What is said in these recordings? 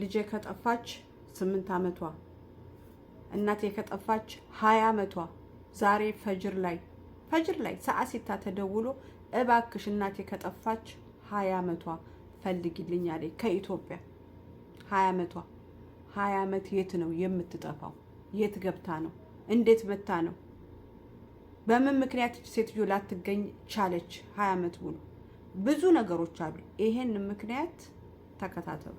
ልጄ ከጠፋች ስምንት ዓመቷ እናቴ ከጠፋች ሀያ ዓመቷ ዛሬ ፈጅር ላይ ፈጅር ላይ ሰዓት ሲታ ተደውሎ እባክሽ እናቴ ከጠፋች ሀያ ዓመቷ ፈልጊልኝ አለ ከኢትዮጵያ ሀያ ዓመቷ ሀያ ዓመት የት ነው የምትጠፋው የት ገብታ ነው እንዴት መታ ነው በምን ምክንያት ሴትዮ ላትገኝ ቻለች ሀያ ዓመት ሙሉ ብዙ ነገሮች አሉ ይሄን ምክንያት ተከታተሉ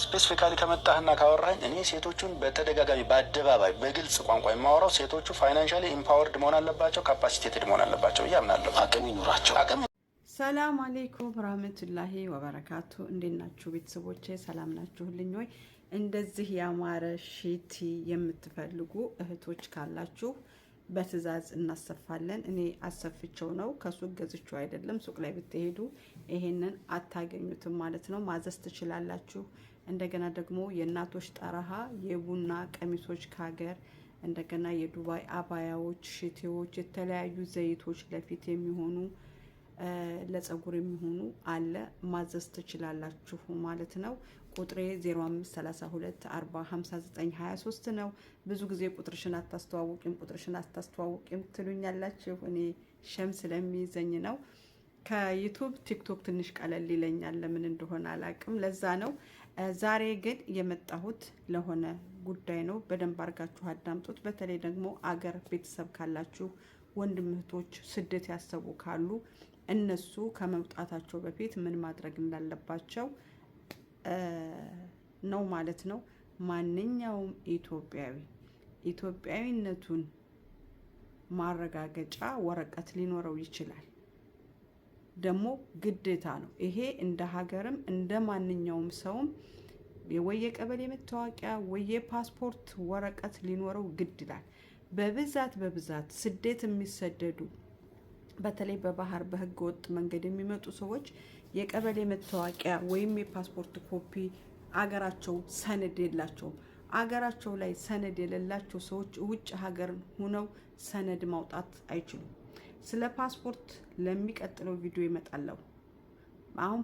ስፔሲፊካሊ ከመጣህና ካወራኝ እኔ ሴቶቹን በተደጋጋሚ በአደባባይ በግልጽ ቋንቋ የማወራው ሴቶቹ ፋይናንሻሊ ኢምፓወርድ መሆን አለባቸው፣ ካፓሲቴትድ መሆን አለባቸው እያምናለሁ። አቅም ይኑራቸው። አቅም ሰላም አሌይኩም ራህመቱላሂ ወበረካቱ። እንዴት ናችሁ ቤተሰቦቼ? ሰላም ናችሁልኝ ወይ? እንደዚህ ያማረ ሺቲ የምትፈልጉ እህቶች ካላችሁ በትዕዛዝ እናሰፋለን። እኔ አሰፍቸው ነው ከሱቅ ገጽቸው አይደለም። ሱቅ ላይ ብትሄዱ ይሄንን አታገኙትም ማለት ነው። ማዘዝ ትችላላችሁ። እንደገና ደግሞ የእናቶች ጠረሃ የቡና ቀሚሶች ከሀገር እንደገና የዱባይ አባያዎች፣ ሽቴዎች፣ የተለያዩ ዘይቶች ለፊት የሚሆኑ ለጸጉር የሚሆኑ አለ። ማዘዝ ትችላላችሁ ማለት ነው። ቁጥሬ 0532405923 ነው። ብዙ ጊዜ ቁጥርሽን አታስተዋውቂም ቁጥርሽን አታስተዋውቂም ትሉኛላችሁ። እኔ ሸም ስለሚይዘኝ ነው። ከዩቱብ ቲክቶክ ትንሽ ቀለል ይለኛል፣ ለምን እንደሆነ አላቅም። ለዛ ነው። ዛሬ ግን የመጣሁት ለሆነ ጉዳይ ነው። በደንብ አርጋችሁ አዳምጡት። በተለይ ደግሞ አገር ቤተሰብ ካላችሁ ወንድም እህቶች ስደት ያሰቡ ካሉ እነሱ ከመውጣታቸው በፊት ምን ማድረግ እንዳለባቸው ነው ማለት ነው። ማንኛውም ኢትዮጵያዊ ኢትዮጵያዊነቱን ማረጋገጫ ወረቀት ሊኖረው ይችላል። ደግሞ ግዴታ ነው። ይሄ እንደ ሀገርም እንደ ማንኛውም ሰውም የወየ ቀበሌ መታወቂያ ወየ ፓስፖርት ወረቀት ሊኖረው ግድ ይላል። በብዛት በብዛት ስደት የሚሰደዱ በተለይ በባህር በህገ ወጥ መንገድ የሚመጡ ሰዎች የቀበሌ መታወቂያ ወይም የፓስፖርት ኮፒ አገራቸው ሰነድ የላቸውም። አገራቸው ላይ ሰነድ የሌላቸው ሰዎች ውጭ ሀገር ሆነው ሰነድ ማውጣት አይችሉም። ስለ ፓስፖርት ለሚቀጥለው ቪዲዮ ይመጣለሁ። አሁን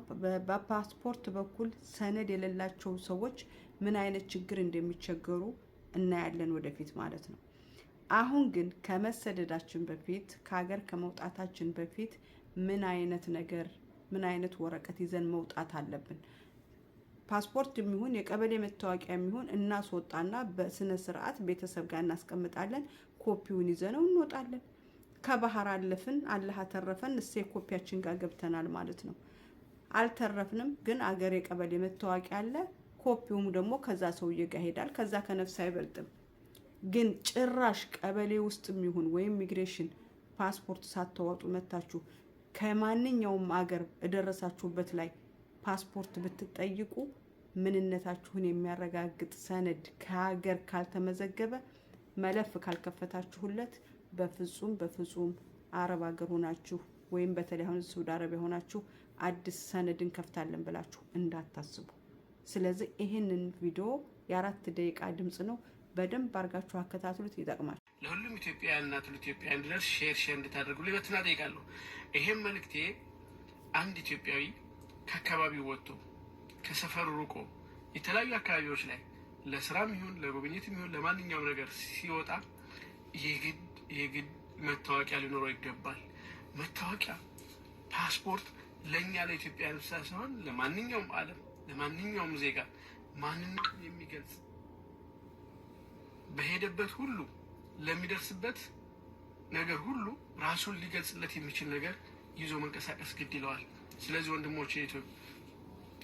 በፓስፖርት በኩል ሰነድ የሌላቸው ሰዎች ምን አይነት ችግር እንደሚቸገሩ እናያለን ወደፊት ማለት ነው። አሁን ግን ከመሰደዳችን በፊት ከሀገር ከመውጣታችን በፊት ምን አይነት ነገር ምን አይነት ወረቀት ይዘን መውጣት አለብን? ፓስፖርት የሚሆን የቀበሌ መታወቂያ የሚሆን እናስወጣና በስነ ስርዓት ቤተሰብ ጋር እናስቀምጣለን። ኮፒውን ይዘነው እንወጣለን። ከባህር አለፍን፣ አላህ አተረፈን፣ እሴ ኮፒያችን ጋር ገብተናል ማለት ነው። አልተረፍንም ግን አገር የቀበሌ መታወቂያ አለ። ኮፒውም ደግሞ ከዛ ሰውዬ ጋር ሄዳል። ከዛ ከነፍስ አይበልጥም። ግን ጭራሽ ቀበሌ ውስጥ የሚሆን ወይም ኢሚግሬሽን ፓስፖርት ሳታወጡ መታችሁ ከማንኛውም አገር እደረሳችሁበት ላይ ፓስፖርት ብትጠይቁ ምንነታችሁን የሚያረጋግጥ ሰነድ ከሀገር ካልተመዘገበ መለፍ ካልከፈታችሁለት በፍጹም በፍጹም አረብ ሀገር ሆናችሁ ወይም በተለይ አሁን ሳውዲ አረቢያ ሆናችሁ አዲስ ሰነድ እንከፍታለን ብላችሁ እንዳታስቡ። ስለዚህ ይህንን ቪዲዮ የአራት ደቂቃ ድምፅ ነው። በደንብ አድርጋችሁ አከታትሉት፣ ይጠቅማል። ለሁሉም ኢትዮጵያውያንና ትውልደ ኢትዮጵያ ድረስ ሼር ሼር እንድታደርጉ ልበትና ጠይቃለሁ። ይሄም መልእክቴ አንድ ኢትዮጵያዊ ከአካባቢው ወጥቶ ከሰፈሩ ርቆ የተለያዩ አካባቢዎች ላይ ለስራም ይሁን ለጉብኝትም ይሁን ለማንኛውም ነገር ሲወጣ የግድ የግድ መታወቂያ ሊኖረው ይገባል። መታወቂያ ፓስፖርት ለእኛ ለኢትዮጵያ ብቻ ሳይሆን ለማንኛውም ዓለም ለማንኛውም ዜጋ ማንነት የሚገልጽ በሄደበት ሁሉ ለሚደርስበት ነገር ሁሉ ራሱን ሊገልጽለት የሚችል ነገር ይዞ መንቀሳቀስ ግድ ይለዋል። ስለዚህ ወንድሞቼ፣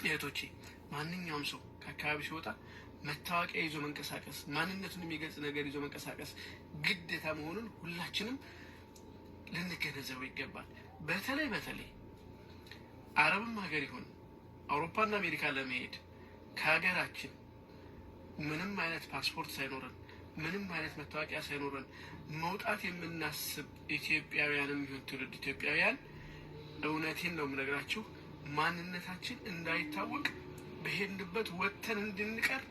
እህቶቼ ማንኛውም ሰው ከአካባቢ ሲወጣ መታወቂያ ይዞ መንቀሳቀስ፣ ማንነቱን የሚገልጽ ነገር ይዞ መንቀሳቀስ ግዴታ መሆኑን ሁላችንም ልንገነዘበው ይገባል። በተለይ በተለይ አረብም ሀገር ይሁን አውሮፓና አሜሪካ ለመሄድ ከሀገራችን ምንም አይነት ፓስፖርት ሳይኖረን ምንም አይነት መታወቂያ ሳይኖረን መውጣት የምናስብ ኢትዮጵያውያንም ይሁን ትውልድ ኢትዮጵያውያን እውነቴን ነው የምነግራችሁ፣ ማንነታችን እንዳይታወቅ በሄድንበት ወጥተን እንድንቀር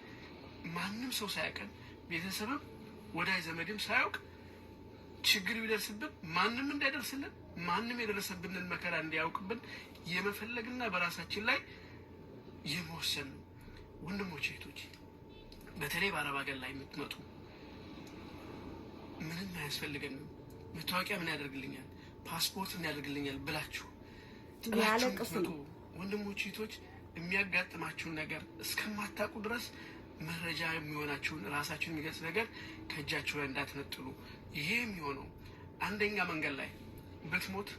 ማንም ሰው ሳያቀን ቤተሰብም ወዳጅ ዘመድም ሳያውቅ ችግር ቢደርስብን ማንም እንዳይደርስልን ማንም የደረሰብንን መከራ እንዲያውቅብን የመፈለግና በራሳችን ላይ የመወሰን ወንድሞች እህቶች፣ በተለይ በአረብ ሀገር ላይ የምትመጡ ምንም አያስፈልገንም፣ መታወቂያ ምን ያደርግልኛል፣ ፓስፖርት ምን ያደርግልኛል ብላችሁ ጥላችሁ ወንድሞች ቶች የሚያጋጥማችሁን ነገር እስከማታውቁ ድረስ መረጃ የሚሆናችሁን ራሳችሁን የሚገልጽ ነገር ከእጃችሁ ላይ እንዳትነጥሉ። ይሄ የሚሆነው አንደኛ መንገድ ላይ ብትሞት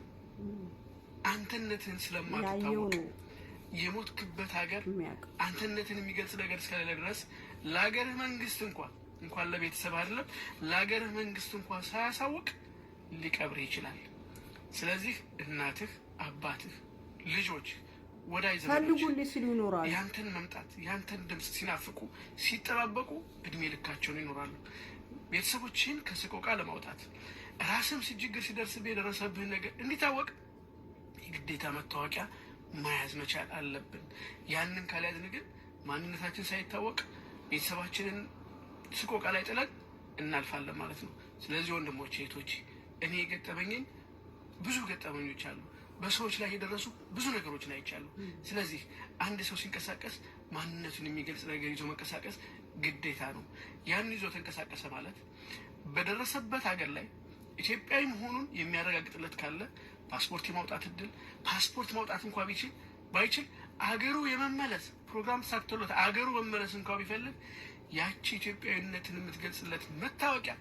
አንተነትን ስለማትታወቅ የሞትክበት ሀገር አንተነትን የሚገልጽ ነገር እስከሌለ ድረስ ለሀገርህ መንግስት እንኳን እንኳን ለቤተሰብ አይደለም ለሀገርህ መንግስት እንኳን ሳያሳውቅ ሊቀብር ይችላል። ስለዚህ እናትህ፣ አባትህ፣ ልጆች ወዳይ ዘመዶች ያንተን መምጣት ያንተን ድምፅ ሲናፍቁ ሲጠባበቁ እድሜ ልካቸውን ይኖራሉ። ቤተሰቦችህን ከስቆቃ ለማውጣት ራስም ችግር ሲደርስብህ የደረሰብህን ነገር እንዲታወቅ የግዴታ መታወቂያ መያዝ መቻል አለብን። ያንን ካልያዝን ግን ማንነታችን ሳይታወቅ ቤተሰባችንን ስቆቃ ላይ ጥለን እናልፋለን ማለት ነው። ስለዚህ ወንድሞች እህቶች፣ እኔ የገጠመኝን ብዙ ገጠመኞች አሉ። በሰዎች ላይ የደረሱ ብዙ ነገሮችን አይቻሉ። ስለዚህ አንድ ሰው ሲንቀሳቀስ ማንነቱን የሚገልጽ ነገር ይዞ መንቀሳቀስ ግዴታ ነው። ያን ይዞ ተንቀሳቀሰ ማለት በደረሰበት ሀገር ላይ ኢትዮጵያዊ መሆኑን የሚያረጋግጥለት ካለ ፓስፖርት የማውጣት እድል ፓስፖርት ማውጣት እንኳ ቢችል ባይችል አገሩ የመመለስ ፕሮግራም ሳትሎት አገሩ መመለስ እንኳ ቢፈልግ ያቺ ኢትዮጵያዊነትን የምትገልጽለት መታወቂያ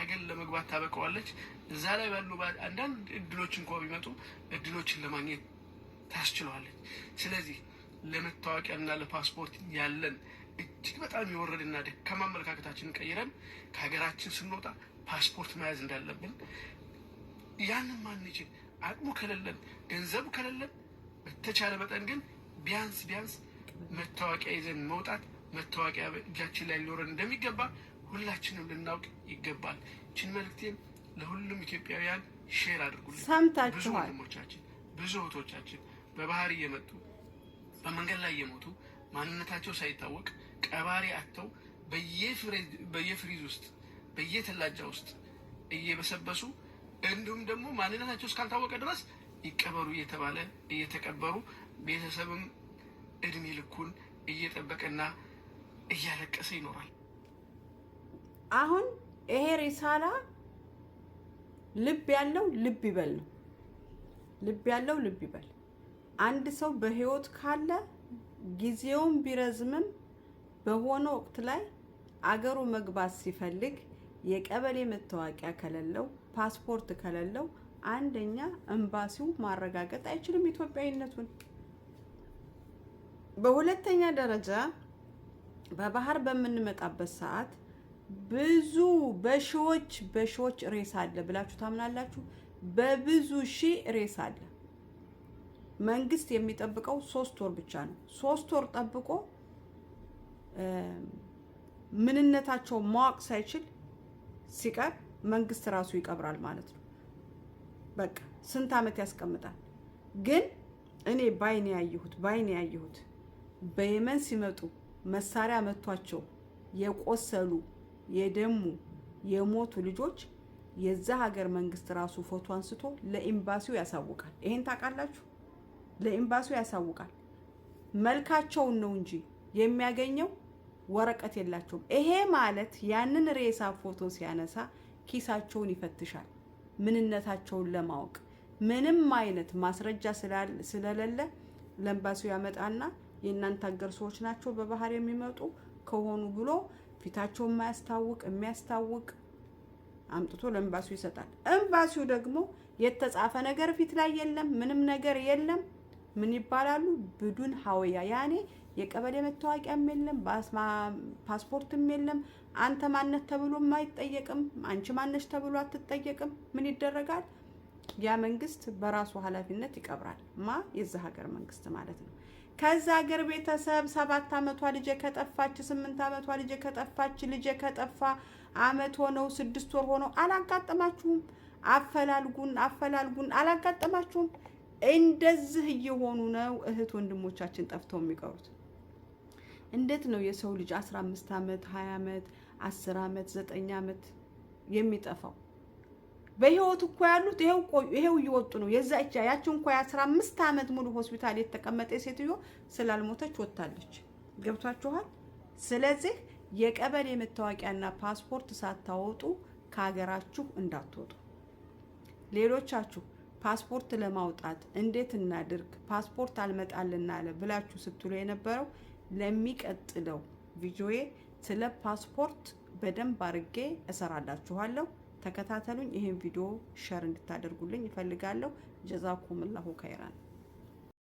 አገር ለመግባት ታበቀዋለች። እዛ ላይ ባሉ አንዳንድ እድሎች እንኳ ቢመጡ እድሎችን ለማግኘት ታስችለዋለች። ስለዚህ ለመታወቂያና ለፓስፖርት ያለን እጅግ በጣም የወረድና ደካማ አመለካከታችንን ቀይረን ከሀገራችን ስንወጣ ፓስፖርት መያዝ እንዳለብን ያንን ማንችል አቅሙ ከሌለን ገንዘቡ ከሌለን በተቻለ መጠን ግን ቢያንስ ቢያንስ መታወቂያ ይዘን መውጣት መታወቂያ እጃችን ላይ ሊኖረን እንደሚገባ ሁላችንም ልናውቅ ይገባል። ችን መልክቴን ለሁሉም ኢትዮጵያውያን ሼር አድርጉልን። ብዙ ወንድሞቻችን ብዙ እህቶቻችን በባህር እየመጡ በመንገድ ላይ እየሞቱ ማንነታቸው ሳይታወቅ ቀባሪ አጥተው በየፍሪዝ ውስጥ በየተላጃ ውስጥ እየበሰበሱ እንዲሁም ደግሞ ማንነታቸው እስካልታወቀ ድረስ ይቀበሩ እየተባለ እየተቀበሩ ቤተሰብም እድሜ ልኩን እየጠበቀና እያለቀሰ ይኖራል። አሁን ይሄ ሪሳላ ልብ ያለው ልብ ይበል ነው። ልብ ያለው ልብ ይበል። አንድ ሰው በህይወት ካለ ጊዜውን ቢረዝምም በሆነ ወቅት ላይ አገሩ መግባት ሲፈልግ የቀበሌ መታወቂያ ከሌለው፣ ፓስፖርት ከሌለው አንደኛ ኤምባሲው ማረጋገጥ አይችልም ኢትዮጵያዊነቱን። በሁለተኛ ደረጃ በባህር በምንመጣበት ሰዓት ብዙ በሺዎች በሺዎች ሬሳ አለ ብላችሁ ታምናላችሁ? በብዙ ሺህ ሬሳ አለ። መንግስት የሚጠብቀው ሶስት ወር ብቻ ነው። ሶስት ወር ጠብቆ ምንነታቸው ማወቅ ሳይችል ሲቀር መንግስት ራሱ ይቀብራል ማለት ነው። በቃ ስንት ዓመት ያስቀምጣል። ግን እኔ ባይኔ ያየሁት ባይኔ ያየሁት በየመን ሲመጡ መሳሪያ መቷቸው የቆሰሉ የደሙ የሞቱ ልጆች የዛ ሀገር መንግስት ራሱ ፎቶ አንስቶ ለኤምባሲው ያሳውቃል። ይሄን ታውቃላችሁ? ለኤምባሲው ያሳውቃል። መልካቸውን ነው እንጂ የሚያገኘው ወረቀት የላቸውም። ይሄ ማለት ያንን ሬሳ ፎቶ ሲያነሳ ኪሳቸውን ይፈትሻል፣ ምንነታቸውን ለማወቅ ምንም አይነት ማስረጃ ስለሌለ ለኤምባሲው ያመጣና የእናንተ ሀገር ሰዎች ናቸው በባህር የሚመጡ ከሆኑ ብሎ ፊታቸው የማያስታውቅ የሚያስታውቅ አምጥቶ ለኤምባሲው ይሰጣል። ኤምባሲው ደግሞ የተጻፈ ነገር ፊት ላይ የለም፣ ምንም ነገር የለም። ምን ይባላሉ? ብዱን ሀወያ ያኔ የቀበሌ መታወቂያም የለም፣ ፓስፖርትም የለም። አንተ ማነት ተብሎም አይጠየቅም፣ አንቺ ማነች ተብሎ አትጠየቅም። ምን ይደረጋል? ያ መንግስት በራሱ ኃላፊነት ይቀብራል። ማ የዛ ሀገር መንግስት ማለት ነው። ከዛ ሀገር ቤተሰብ ሰባት አመቷ ልጄ ከጠፋች፣ ስምንት አመቷ ልጄ ከጠፋች፣ ልጄ ከጠፋ አመት ሆነው ስድስት ወር ሆነው አላጋጠማችሁም? አፈላልጉን አፈላልጉን አላጋጠማችሁም? እንደዚህ እየሆኑ ነው እህት ወንድሞቻችን ጠፍተው የሚቀሩት። እንዴት ነው የሰው ልጅ አስራ አምስት አመት ሀያ አመት አስር አመት ዘጠኝ አመት የሚጠፋው? በህይወት እኮ ያሉት ይሄው ቆዩ፣ ይሄው እየወጡ ነው። የዛ እቻ ያቺ እንኳ የአስራ አምስት ዓመት ሙሉ ሆስፒታል የተቀመጠ ሴትዮ ስላልሞተች ወጥታለች። ገብቷችኋል? ስለዚህ የቀበሌ መታወቂያና ፓስፖርት ሳታወጡ ከሀገራችሁ እንዳትወጡ። ሌሎቻችሁ ፓስፖርት ለማውጣት እንዴት እናድርግ ፓስፖርት አልመጣልና አለ ብላችሁ ስትሉ የነበረው ለሚቀጥለው ቪዲዮዬ ስለ ፓስፖርት በደንብ አርጌ እሰራላችኋለሁ። ተከታተሉኝ። ይህን ቪዲዮ ሸር እንድታደርጉልኝ ጀዛኩም ላሁ ከይራን